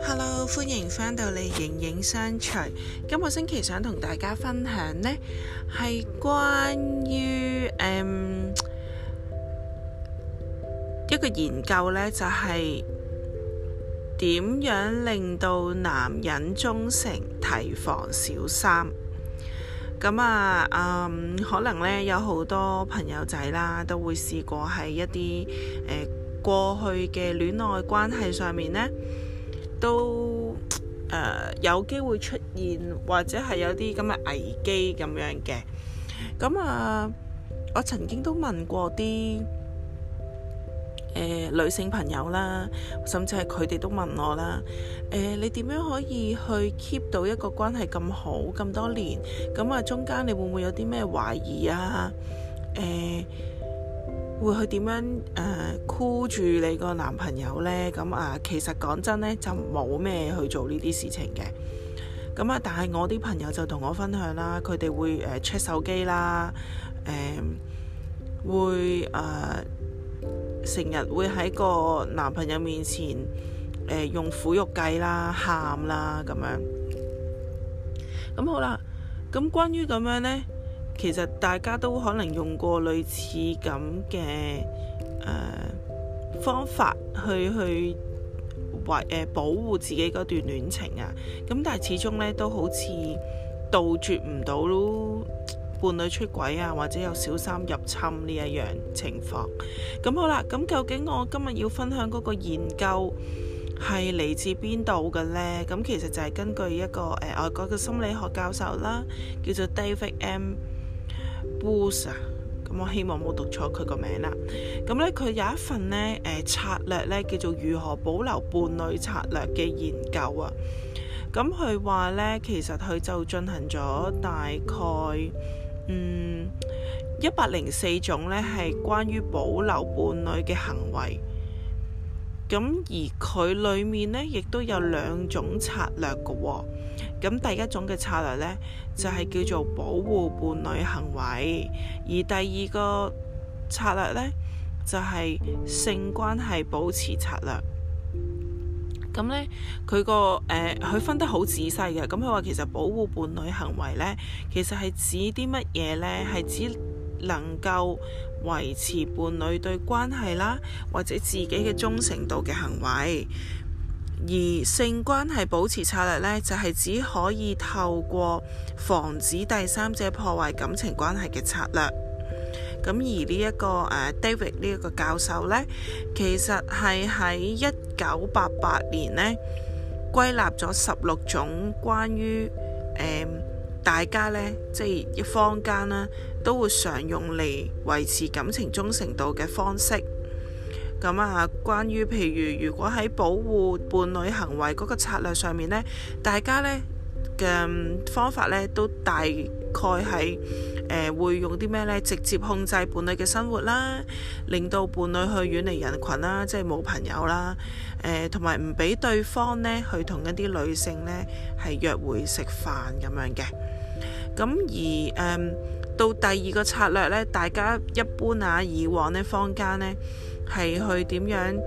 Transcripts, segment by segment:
Hello，歡迎返到嚟形影相隨。今個星期想同大家分享呢，係關於、嗯、一個研究呢就係、是、點樣令到男人忠誠、提防小三。咁啊，嗯，可能咧有好多朋友仔啦，都會試過喺一啲誒、呃、過去嘅戀愛關係上面咧，都誒、呃、有機會出現或者係有啲咁嘅危機咁樣嘅。咁啊，我曾經都問過啲。呃、女性朋友啦，甚至係佢哋都問我啦。呃、你點樣可以去 keep 到一個關係咁好咁多年？咁啊，中間你會唔會有啲咩懷疑啊？誒、呃，會去點樣箍、呃、住你個男朋友呢？咁啊，其實講真呢，就冇咩去做呢啲事情嘅。咁啊，但係我啲朋友就同我分享啦，佢哋會 check、呃、手機啦，誒、呃、會、呃成日會喺個男朋友面前、呃、用苦肉計啦、喊啦咁樣，咁好啦。咁關於咁樣呢，其實大家都可能用過類似咁嘅、呃、方法去去維、呃、保護自己嗰段戀情啊。咁但係始終呢，都好似杜絕唔到咯。伴侶出軌啊，或者有小三入侵呢一樣情況。咁好啦。咁究竟我今日要分享嗰個研究係嚟自邊度嘅呢？咁其實就係根據一個誒、呃、外國嘅心理學教授啦，叫做 David M. Bush 啊。咁我希望冇讀錯佢個名啦。咁呢，佢有一份咧誒、呃、策略咧，叫做如何保留伴侶策略嘅研究啊。咁佢話呢，其實佢就進行咗大概。嗯，一百零四種呢係關於保留伴侶嘅行為，咁而佢裏面呢，亦都有兩種策略㗎喎，咁第一種嘅策略呢，就係叫做保護伴侶行為，而第二個策略呢，就係性關係保持策略。咁呢，佢個誒佢分得好仔細嘅。咁佢話其實保護伴侶行為呢，其實係指啲乜嘢呢？係指能夠維持伴侶對關係啦，或者自己嘅忠誠度嘅行為。而性關係保持策略呢，就係指可以透過防止第三者破壞感情關係嘅策略。咁而呢一個誒 David 呢一個教授咧，其實係喺一九八八年咧，歸納咗十六種關於誒大家咧，即係一坊間呢，都會常用嚟維持感情忠誠度嘅方式。咁啊，關於譬如如果喺保護伴侶行為嗰個策略上面咧，大家咧。嘅、嗯、方法呢都大概係誒、呃、會用啲咩呢，直接控制伴侶嘅生活啦，令到伴侶去遠離人群啦，即係冇朋友啦。同埋唔俾對方呢去同一啲女性呢係約會食飯咁樣嘅。咁、嗯、而誒、嗯、到第二個策略呢，大家一般啊以往呢坊間呢係去點樣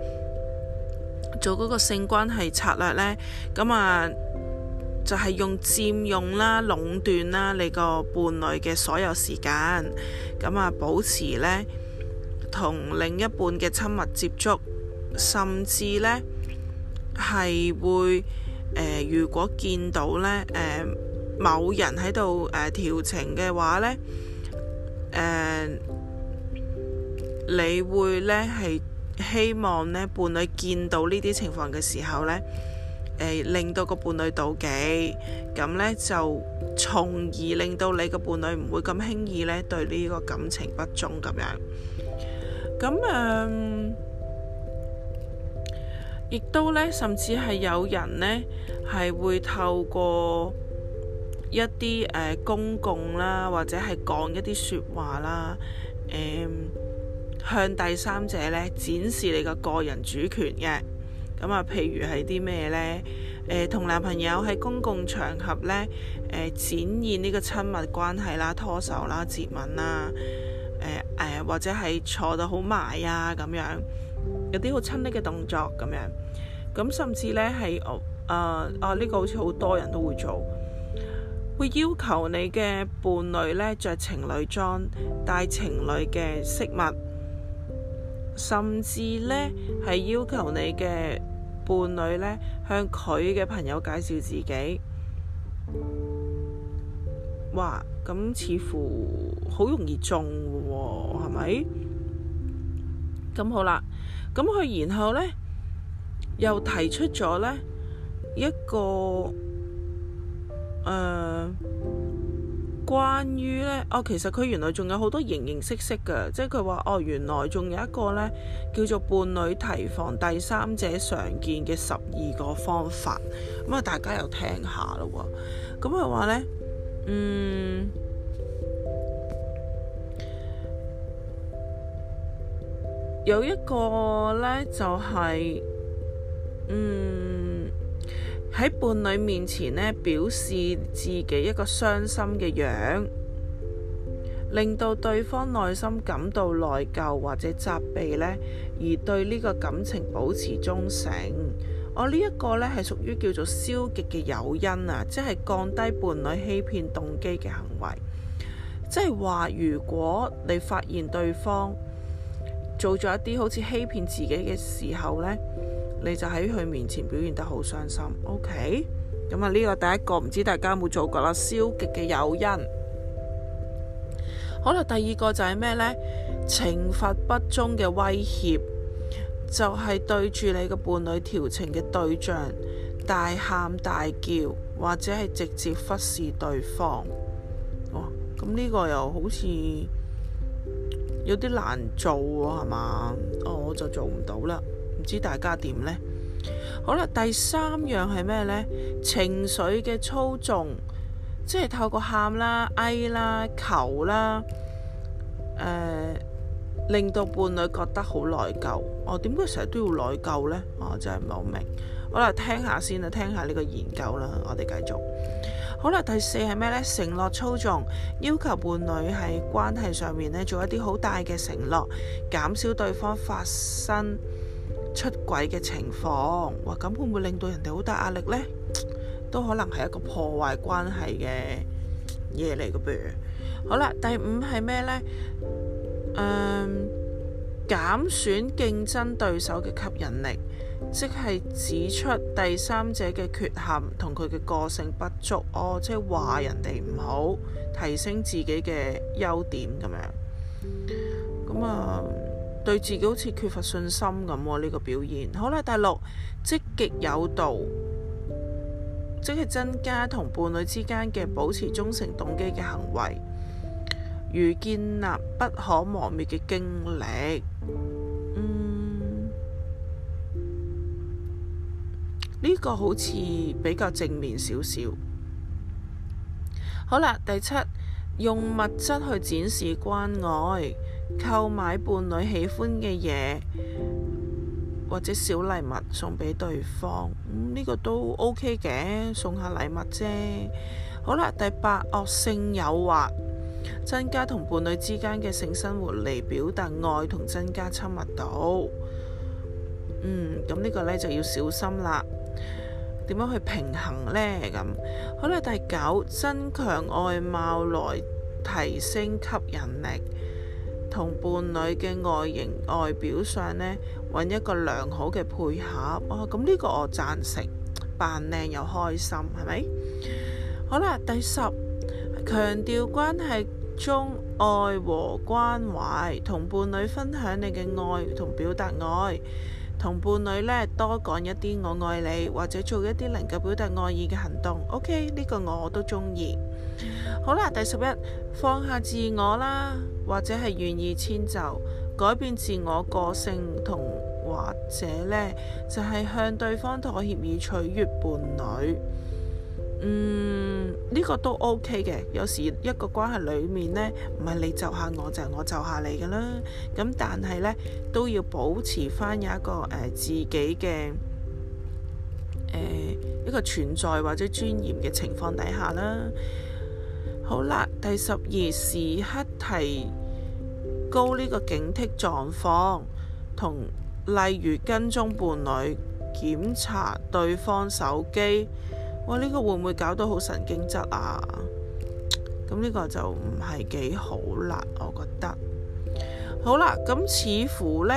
做嗰個性關係策略呢？咁、嗯、啊～就係用佔用啦、壟斷啦，你個伴侶嘅所有時間，咁啊保持呢，同另一半嘅親密接觸，甚至呢，係會、呃、如果見到呢、呃、某人喺度呃調情嘅話呢、呃，你會呢，係希望呢伴侶見到呢啲情況嘅時候呢。誒、呃、令到個伴侶妒忌，咁呢就從而令到你個伴侶唔會咁輕易呢對呢個感情不忠咁樣。咁誒，亦、嗯、都呢，甚至係有人呢，係會透過一啲、呃、公共啦，或者係講一啲説話啦、嗯，向第三者呢展示你嘅個人主權嘅。咁啊，譬如係啲咩呢？誒、呃，同男朋友喺公共場合呢，誒、呃，展現呢個親密關係啦，拖手啦，接吻啦，誒、呃呃、或者係坐得好埋啊，咁樣有啲好親昵嘅動作咁樣。咁甚至呢，係我誒啊呢、這個好似好多人都會做，會要求你嘅伴侶呢，着情侶裝，帶情侶嘅飾物，甚至呢，係要求你嘅。伴侶呢，向佢嘅朋友介紹自己，哇！咁似乎好容易中喎、哦，係咪、嗯？咁好啦，咁佢然後呢，又提出咗呢一個、呃關於呢，哦，其實佢原來仲有好多形形色色嘅。即係佢話，哦，原來仲有一個呢，叫做伴侶提防第三者常見嘅十二個方法，咁啊大家又聽下啦喎，咁佢話呢，嗯，有一個呢，就係，嗯。喺伴侶面前呢，表示自己一個傷心嘅樣，令到對方內心感到內疚或者責備呢，而對呢個感情保持忠誠。我呢一個呢，係屬於叫做消極嘅誘因啊，即係降低伴侶欺騙動機嘅行為，即係話，如果你發現對方做咗一啲好似欺騙自己嘅時候呢，你就喺佢面前表現得好傷心，OK？咁啊呢個第一個唔知大家有冇做過啦，消極嘅誘因。好啦，第二個就係咩呢？懲罰不忠嘅威脅，就係、是、對住你嘅伴侶調情嘅對象大喊大叫，或者係直接忽視對方。哇、哦！咁、這、呢個又好似有啲難做喎，係嘛？哦，我就做唔到啦。唔知大家點呢？好啦，第三樣係咩呢？情緒嘅操縱，即係透過喊啦、哀啦、求啦，呃，令到伴侶覺得好內疚。哦，我點解成日都要內疚呢？我真係唔明。好啦，聽下先啦，聽下呢個研究啦。我哋繼續。好啦，第四係咩呢？承諾操縱，要求伴侶喺關係上面呢，做一啲好大嘅承諾，減少對方發生，出軌嘅情況，哇！咁會唔會令到人哋好大壓力呢？都可能係一個破壞關係嘅嘢嚟嘅，譬如。好啦，第五係咩呢？誒、嗯，減損競爭對手嘅吸引力，即係指出第三者嘅缺陷同佢嘅個性不足，哦，即係話人哋唔好，提升自己嘅優點咁樣。咁、嗯、啊～對自己好似缺乏信心咁呢個表現。好啦，第六，積極有度，即係增加同伴侶之間嘅保持忠誠動機嘅行為，如建立不可磨滅嘅經歷。嗯，呢個好似比較正面少少。好啦，第七，用物質去展示關愛。購買伴侶喜歡嘅嘢，或者小禮物送俾對方，呢、嗯，這個都 OK 嘅，送下禮物啫。好啦，第八，惡性誘惑，增加同伴侶之間嘅性生活嚟表達愛同增加親密度。嗯，咁呢個呢就要小心啦，點樣去平衡呢？咁好啦，第九，增強外貌來提升吸引力。同伴侶嘅外形外表上呢，揾一個良好嘅配合哦。咁、嗯、呢、這個我贊成，扮靚又開心，係咪？好啦，第十，強調關係中愛和關懷，同伴侶分享你嘅愛同表達愛。同伴侶呢，多講一啲我愛你，或者做一啲能夠表達愛意嘅行動。OK，呢個我都中意。好啦，第十一，放下自我啦，或者係願意遷就、改變自我個性，同或者呢，就係向對方妥協以取悅伴侶。嗯，呢、這個都 OK 嘅。有時一個關係裡面呢，唔係你就下我，就係、是、我就下你嘅啦。咁但係呢，都要保持翻有一個誒、呃、自己嘅、呃、一個存在或者尊嚴嘅情況底下啦。好啦，第十二，時刻提高呢個警惕狀況，同例如跟蹤伴侶，檢查對方手機。哇！呢個會唔會搞到好神經質啊？咁呢個就唔係幾好啦，我覺得。好啦，咁似乎呢，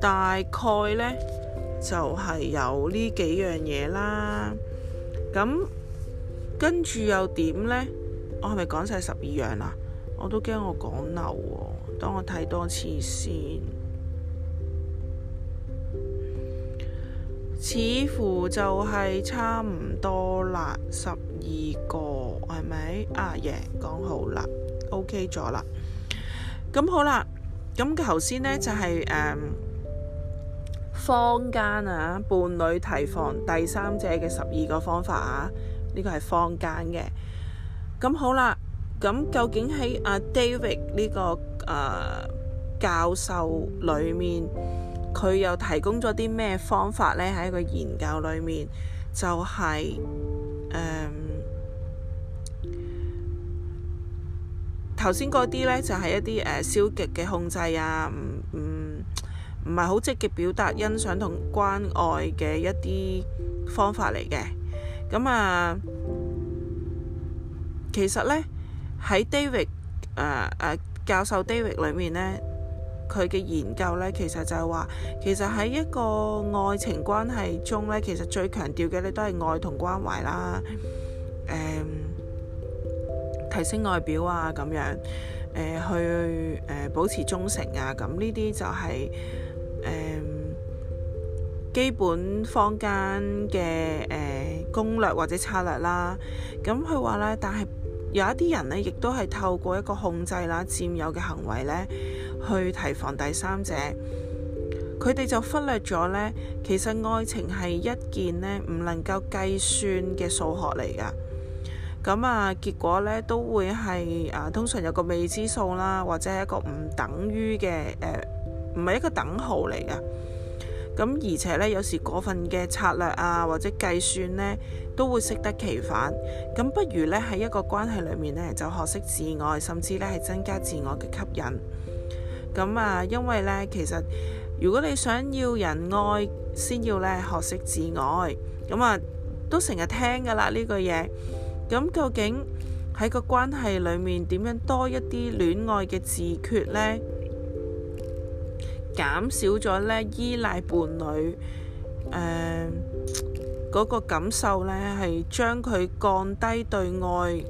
大概呢，就係有呢幾樣嘢啦。咁跟住又點呢？我係咪講晒十二樣啊？我都驚我講漏喎。等我睇多次先。似乎就係差唔多啦，十二個，係咪？阿爺講好啦，OK 咗啦。咁好啦，咁頭先呢就係、是、誒，um, 坊間啊伴侶提防第三者嘅十二個方法啊，呢、這個係坊間嘅。咁好啦，咁究竟喺阿、uh, David 呢、這個誒、uh, 教授裏面？佢又提供咗啲咩方法呢？喺個研究裏面就係誒頭先嗰啲呢，就係、是、一啲誒、呃、消極嘅控制啊，唔唔唔係好積極表達欣賞同關愛嘅一啲方法嚟嘅。咁、嗯、啊、呃，其實呢，喺 David 誒、呃、誒、呃、教授 David 裏面呢。佢嘅研究呢，其實就係話，其實喺一個愛情關係中呢，其實最強調嘅呢都係愛同關懷啦、呃、提升外表啊，咁樣、呃、去、呃、保持忠誠啊，咁呢啲就係、是呃、基本坊間嘅、呃、攻略或者策略啦。咁佢話呢，但係有一啲人呢，亦都係透過一個控制啦、佔有嘅行為呢。去提防第三者，佢哋就忽略咗呢。其實愛情係一件呢唔能夠計算嘅數學嚟噶。咁啊，結果呢都會係啊，通常有個未知數啦，或者係一個唔等於嘅誒，唔係一個等號嚟嘅。咁而且呢，有時過分嘅策略啊，或者計算呢，都會適得其反。咁不如呢，喺一個關係裡面呢，就學識自愛，甚至呢係增加自愛嘅吸引。咁啊，因為呢，其實如果你想要人愛，先要呢學識自愛。咁啊，都成日聽㗎喇呢句嘢。咁究竟喺個關係裡面點樣多一啲戀愛嘅自決呢？減少咗呢依賴伴侶，誒嗰個感受呢係將佢降低對愛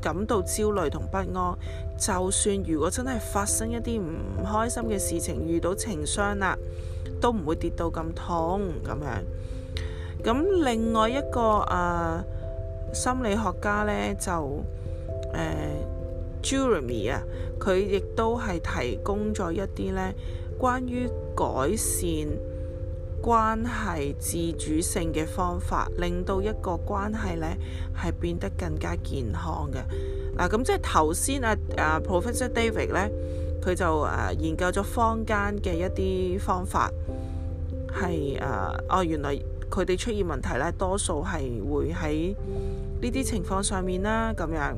感到焦慮同不安。就算如果真係發生一啲唔開心嘅事情，遇到情傷啦，都唔會跌到咁痛咁樣。咁另外一個啊、呃，心理學家咧就誒、呃、Jeremy 啊，佢亦都係提供咗一啲咧關於改善關係自主性嘅方法，令到一個關係咧係變得更加健康嘅。嗱，咁、啊、即係頭先啊啊 Professor David 咧，佢就誒、啊、研究咗坊間嘅一啲方法，係誒、啊、哦原來佢哋出現問題咧，多數係會喺呢啲情況上面啦，咁樣。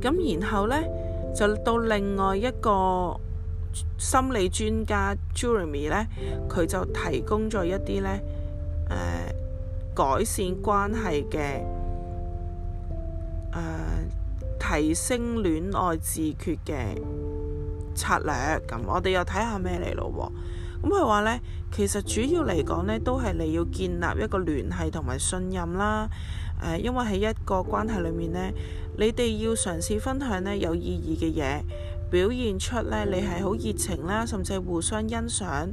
咁然後咧，就到另外一個心理專家 Jeremy 咧，佢就提供咗一啲咧誒改善關係嘅。呃、提升戀愛自決嘅策略，咁、嗯、我哋又睇下咩嚟咯喎？咁佢話呢，其實主要嚟講呢，都係你要建立一個聯繫同埋信任啦。呃、因為喺一個關係裏面呢，你哋要嘗試分享呢有意義嘅嘢，表現出呢你係好熱情啦，甚至係互相欣賞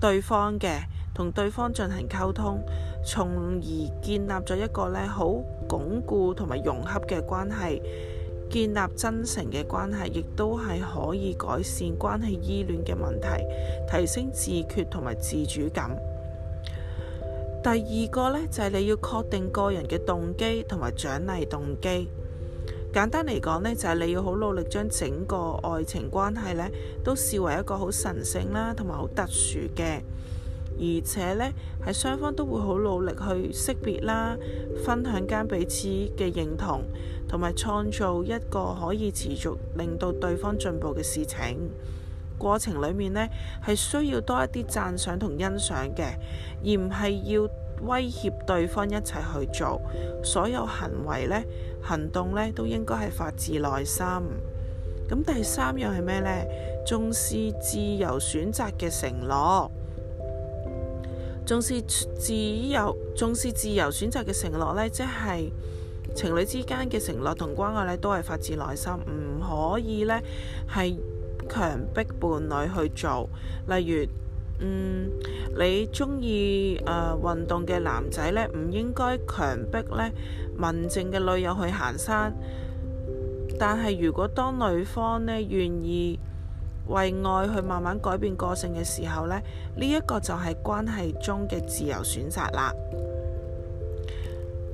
對方嘅，同對方進行溝通。從而建立咗一個咧好鞏固同埋融合嘅關係，建立真誠嘅關係，亦都係可以改善關係依戀嘅問題，提升自決同埋自主感。第二個呢，就係、是、你要確定個人嘅動機同埋獎勵動機。簡單嚟講呢就係、是、你要好努力將整個愛情關係呢都視為一個好神聖啦，同埋好特殊嘅。而且呢，係雙方都會好努力去識別啦，分享間彼此嘅認同，同埋創造一個可以持續令到對方進步嘅事情。過程裡面呢，係需要多一啲讚賞同欣賞嘅，而唔係要威脅對方一齊去做。所有行為呢，行動呢，都應該係發自內心。咁第三樣係咩呢？重視自由選擇嘅承諾。重視自由，重視自由選擇嘅承諾呢，即係情侶之間嘅承諾同關愛呢，都係發自內心，唔可以呢，係強迫伴侶去做。例如，嗯，你鍾意誒運動嘅男仔呢，唔應該強迫呢，文靜嘅女友去行山。但係如果當女方呢，願意，為愛去慢慢改變個性嘅時候咧，呢、呢、一個就係關係中嘅自由選擇啦。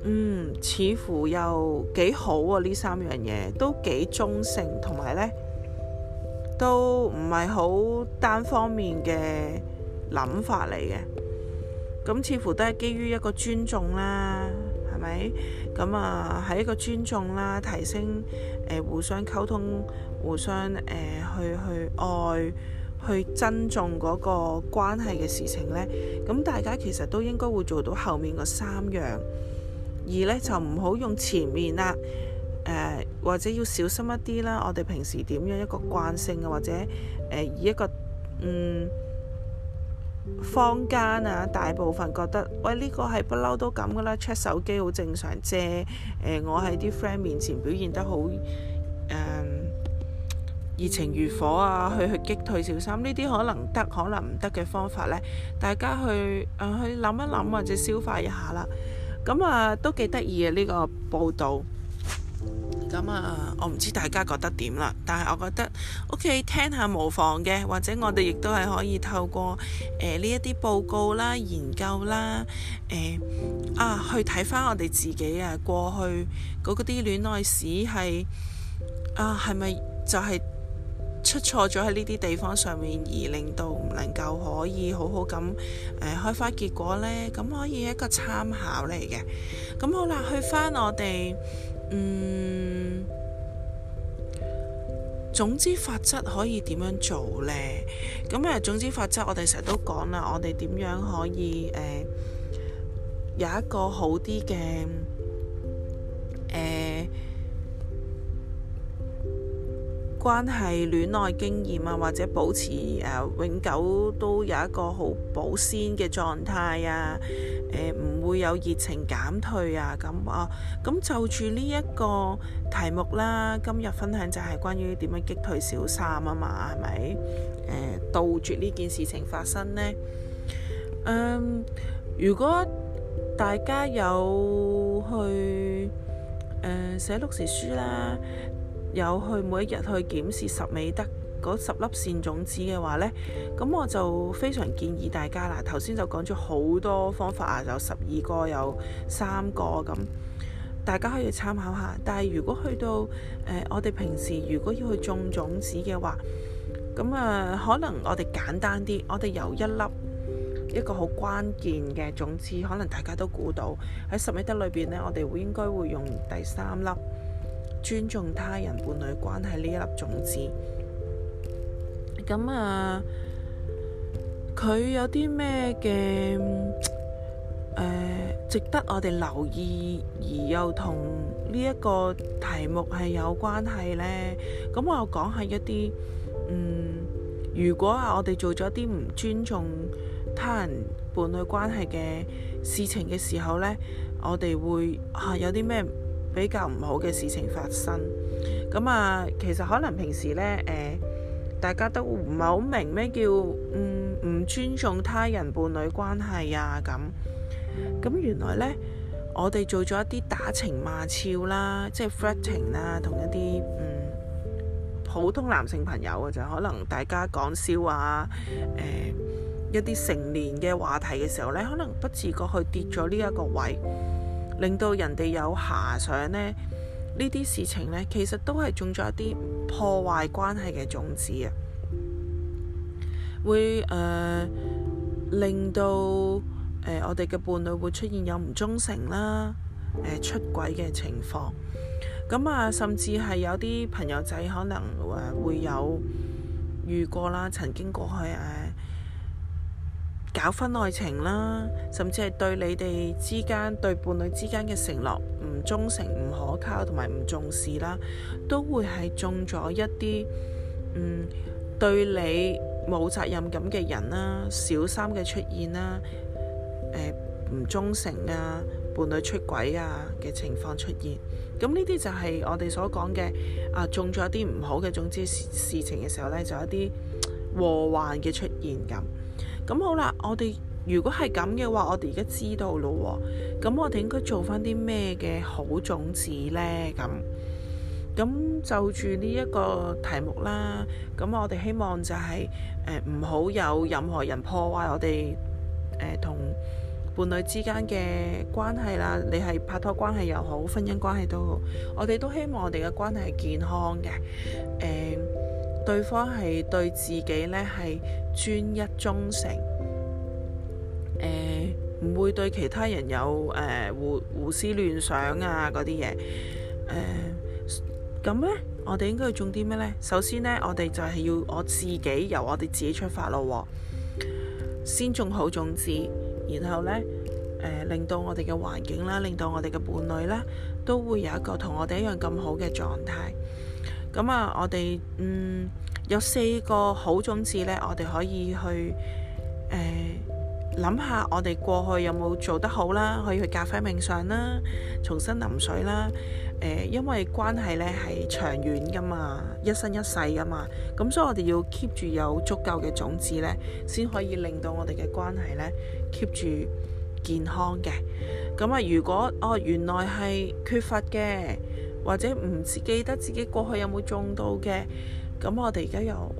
嗯，似乎又幾好啊！三呢三樣嘢都幾中性，同埋呢都唔係好單方面嘅諗法嚟嘅。咁、嗯、似乎都係基於一個尊重啦。咪咁啊，係、嗯、一個尊重啦，提升、呃、互相溝通，互相、呃、去去愛，去珍重嗰個關係嘅事情呢。咁、呃、大家其實都應該會做到後面嗰三樣，而呢就唔好用前面啦、呃，或者要小心一啲啦。我哋平時點樣一個慣性啊，或者、呃、以一個嗯。坊間啊，大部分覺得喂呢、這個係不嬲都咁噶啦，check 手機好正常啫、呃。我喺啲 friend 面前表現得好誒、呃、熱情如火啊，去去擊退小三呢啲可能得可能唔得嘅方法呢，大家去誒、呃、去諗一諗或者消化一下啦。咁啊都幾得意嘅呢個報導。咁啊，我唔知大家覺得點啦，但係我覺得屋企、OK, 聽下無妨嘅，或者我哋亦都係可以透過誒呢一啲報告啦、研究啦，誒、呃、啊去睇翻我哋自己啊過去嗰啲戀愛史係啊係咪就係出錯咗喺呢啲地方上面，而令到唔能夠可以好好咁誒、呃、開花結果呢？咁可以一個參考嚟嘅。咁好啦，去翻我哋。嗯，總之法則可以點樣做呢？咁、嗯、啊，總之法則我哋成日都講啦，我哋點樣可以、呃、有一個好啲嘅誒關係、戀愛經驗啊，或者保持、啊、永久都有一個好保鮮嘅狀態啊？誒唔會有熱情減退啊！咁啊，咁就住呢一個題目啦。今日分享就係關於點樣擊退小三啊嘛，係咪誒？杜絕呢件事情發生呢。嗯，如果大家有去誒寫六時書啦，有去每一日去檢視十美德。十粒線種子嘅話呢，咁我就非常建議大家啦。頭先就講咗好多方法啊，有十二個，有三個咁，大家可以參考下。但係如果去到、呃、我哋平時如果要去種種子嘅話，咁啊、呃，可能我哋簡單啲，我哋有一粒一個好關鍵嘅種子，可能大家都估到喺十一德裏邊呢，我哋會應該會用第三粒尊重他人伴侶關係呢一粒種子。咁啊，佢有啲咩嘅誒值得我哋留意，而又同呢一個題目係有關係呢？咁我又講下一啲，嗯，如果啊我哋做咗啲唔尊重他人伴侶關係嘅事情嘅時候呢，我哋會嚇、啊、有啲咩比較唔好嘅事情發生。咁啊，其實可能平時呢，誒、呃。大家都唔係好明咩叫嗯，唔尊重他人伴侶關係啊咁咁原來咧，我哋做咗一啲打情罵俏啦，即係 flirting 啦，同一啲嗯，普通男性朋友嘅就可能大家講笑話、啊、誒、呃、一啲成年嘅話題嘅時候咧，可能不自覺去跌咗呢一個位，令到人哋有遐想咧，呢啲事情咧其實都係中咗一啲。破壞關係嘅種子啊，會誒、呃、令到誒、呃、我哋嘅伴侶會出現有唔忠誠啦，誒、呃、出軌嘅情況，咁、呃、啊甚至係有啲朋友仔可能誒、呃、會有遇過啦，曾經過去誒。呃搞婚外情啦，甚至係對你哋之間、對伴侶之間嘅承諾唔忠誠、唔可靠同埋唔重視啦，都會係中咗一啲嗯對你冇責任感嘅人啦、小三嘅出現啦、呃、唔忠誠啊、伴侶出軌啊嘅情況出現。咁呢啲就係我哋所講嘅啊，中咗一啲唔好嘅，總之事情嘅時候呢，就一啲禍患嘅出現咁。咁好啦，我哋如果係咁嘅話，我哋而家知道咯。咁我哋應該做翻啲咩嘅好種子呢？咁咁就住呢一個題目啦。咁我哋希望就係唔好有任何人破壞我哋同，呃、伴侶之間嘅關係啦。你係拍拖關係又好，婚姻關係都好，我哋都希望我哋嘅關係係健康嘅。呃對方係對自己呢係專一忠誠，呃、唔會對其他人有誒、呃、胡胡思亂想啊、嗰啲嘢，誒咁呢我哋應該要種啲咩呢？首先呢，我哋就係要我自己由我哋自己出發咯，先種好種子，然後呢，令到我哋嘅環境啦，令到我哋嘅伴侶啦，都會有一個同我哋一樣咁好嘅狀態。咁啊，我哋嗯有四個好種子呢。我哋可以去誒諗、呃、下，我哋過去有冇做得好啦？可以去咖啡面上啦，重新淋水啦。誒、呃，因為關係呢係長遠㗎嘛，一生一世㗎嘛，咁所以我哋要 keep 住有足夠嘅種子呢，先可以令到我哋嘅關係呢 keep 住健康嘅。咁啊，如果哦原來係缺乏嘅。或者唔記得自己過去有冇種到嘅，咁我哋而家由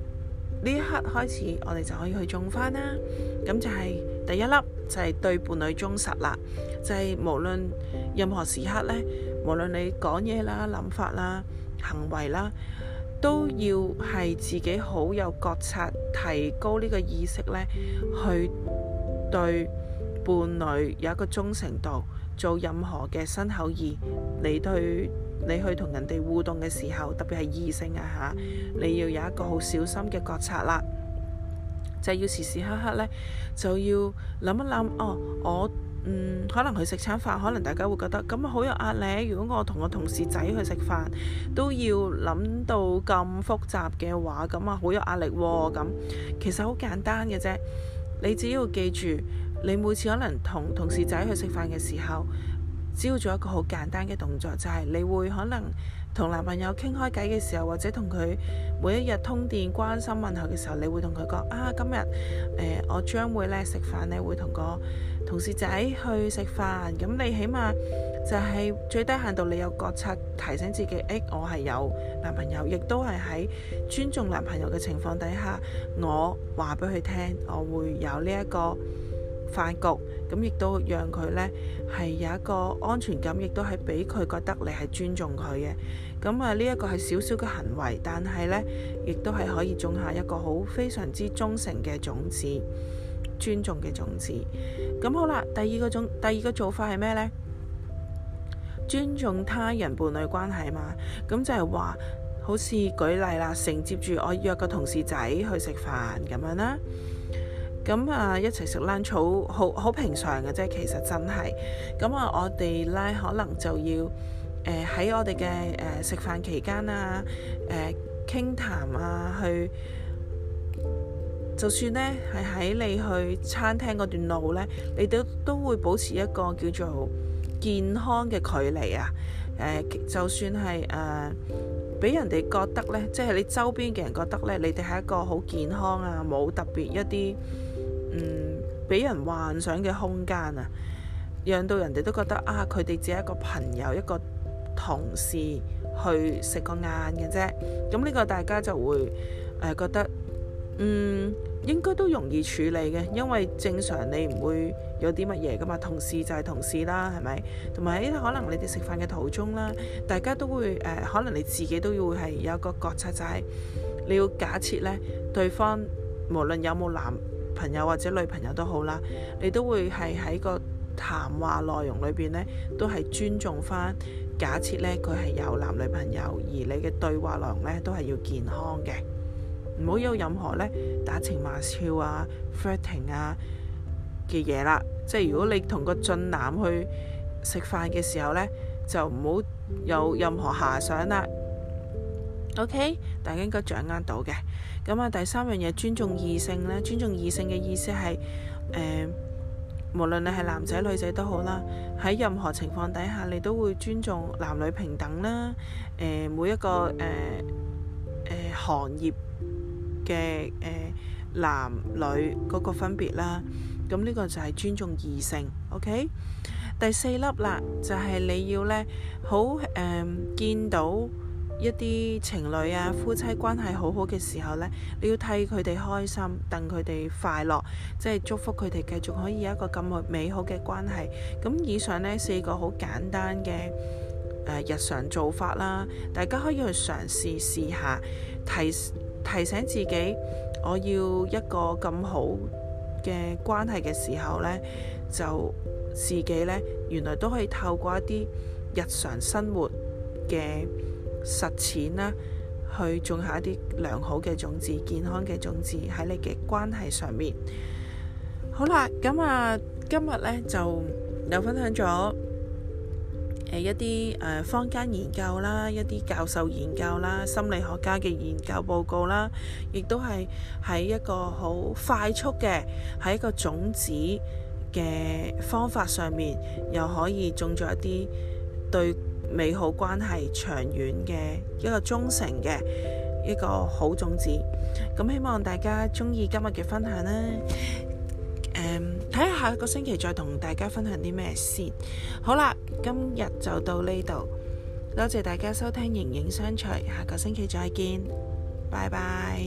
呢一刻開始，我哋就可以去種返啦。咁就係第一粒就係對伴侶忠實啦，就係無論任何時刻呢，無論你講嘢啦、諗法啦、行為啦，都要係自己好有覺察，提高呢個意識呢，去對伴侶有一個忠誠度。做任何嘅身口意，你對。你去同人哋互動嘅時候，特別係異性啊嚇，你要有一個好小心嘅覺察啦，就要時時刻刻呢，就要諗一諗，哦，我嗯可能去食餐飯，可能大家會覺得咁好有壓力。如果我同我同事仔去食飯，都要諗到咁複雜嘅話，咁啊好有壓力喎、哦。咁其實好簡單嘅啫，你只要記住，你每次可能同同事仔去食飯嘅時候。只要做一個好簡單嘅動作，就係、是、你會可能同男朋友傾開偈嘅時候，或者同佢每一日通電關心問候嘅時候，你會同佢講啊，今日誒、呃、我將會咧食飯，你會同個同事仔去食飯。咁你起碼就係最低限度，你有覺察提醒自己，誒、哎、我係有男朋友，亦都係喺尊重男朋友嘅情況底下，我話俾佢聽，我會有呢、這、一個飯局，咁亦都讓佢呢，係有一個安全感，亦都係俾佢覺得你係尊重佢嘅。咁啊，呢一個係少少嘅行為，但係呢，亦都係可以種下一個好非常之忠誠嘅種子，尊重嘅種子。咁好啦，第二個種，第二個做法係咩呢？尊重他人伴侶關係嘛。咁就係話，好似舉例啦，承接住我約個同事仔去食飯咁樣啦。咁啊，一齊食 lunch 好好平常嘅啫。其實真係咁啊，我哋咧可能就要誒喺、呃、我哋嘅誒食飯期間啊，誒傾談啊，去就算呢係喺你去餐廳嗰段路呢，你都都會保持一個叫做健康嘅距離啊。誒、呃，就算係誒俾人哋覺得呢，即、就、係、是、你周邊嘅人覺得呢，你哋係一個好健康啊，冇特別一啲。嗯，俾人幻想嘅空間啊，讓到人哋都覺得啊，佢哋只係一個朋友、一個同事去食個晏嘅啫。咁呢個大家就會誒、呃、覺得，嗯，應該都容易處理嘅，因為正常你唔會有啲乜嘢㗎嘛。同事就係同事啦，係咪？同埋可能你哋食飯嘅途中啦，大家都會誒、呃，可能你自己都要係有個覺察就係、是、你要假設呢，對方無論有冇男，朋友或者女朋友都好啦，你都會係喺個談話內容裏邊呢，都係尊重翻。假設呢，佢係有男女朋友，而你嘅對話內容呢，都係要健康嘅，唔好有任何呢打情罵俏啊、flirting 啊嘅嘢啦。即係如果你同個俊男去食飯嘅時候呢，就唔好有任何遐想啦。OK。大家應該掌握到嘅，咁啊第三樣嘢尊重異性啦，尊重異性嘅意思係誒，無論你係男仔女仔都好啦，喺任何情況底下你都會尊重男女平等啦，誒每一個誒誒行業嘅誒男女嗰個分別啦，咁呢個就係尊重異性，OK？第四粒啦，就係你要呢好誒見到，一啲情侶啊，夫妻關係好好嘅時候呢，你要替佢哋開心，等佢哋快樂，即係祝福佢哋繼續可以有一個咁美好嘅關係。咁以上呢四個好簡單嘅、呃、日常做法啦，大家可以去嘗試試下，提提醒自己，我要一個咁好嘅關係嘅時候呢，就自己呢，原來都可以透過一啲日常生活嘅。實踐啦，去種下一啲良好嘅種子、健康嘅種子喺你嘅關係上面。好啦，咁啊，今日呢，就有分享咗一啲誒坊間研究啦、一啲教授研究啦、心理學家嘅研究報告啦，亦都係喺一個好快速嘅喺一個種子嘅方法上面，又可以種咗一啲對。美好關係、長遠嘅一個忠誠嘅一個好種子，咁希望大家中意今日嘅分享啦。嗯、睇下下個星期再同大家分享啲咩先。好啦，今日就到呢度，多謝大家收聽《形影相隨》，下個星期再見，拜拜。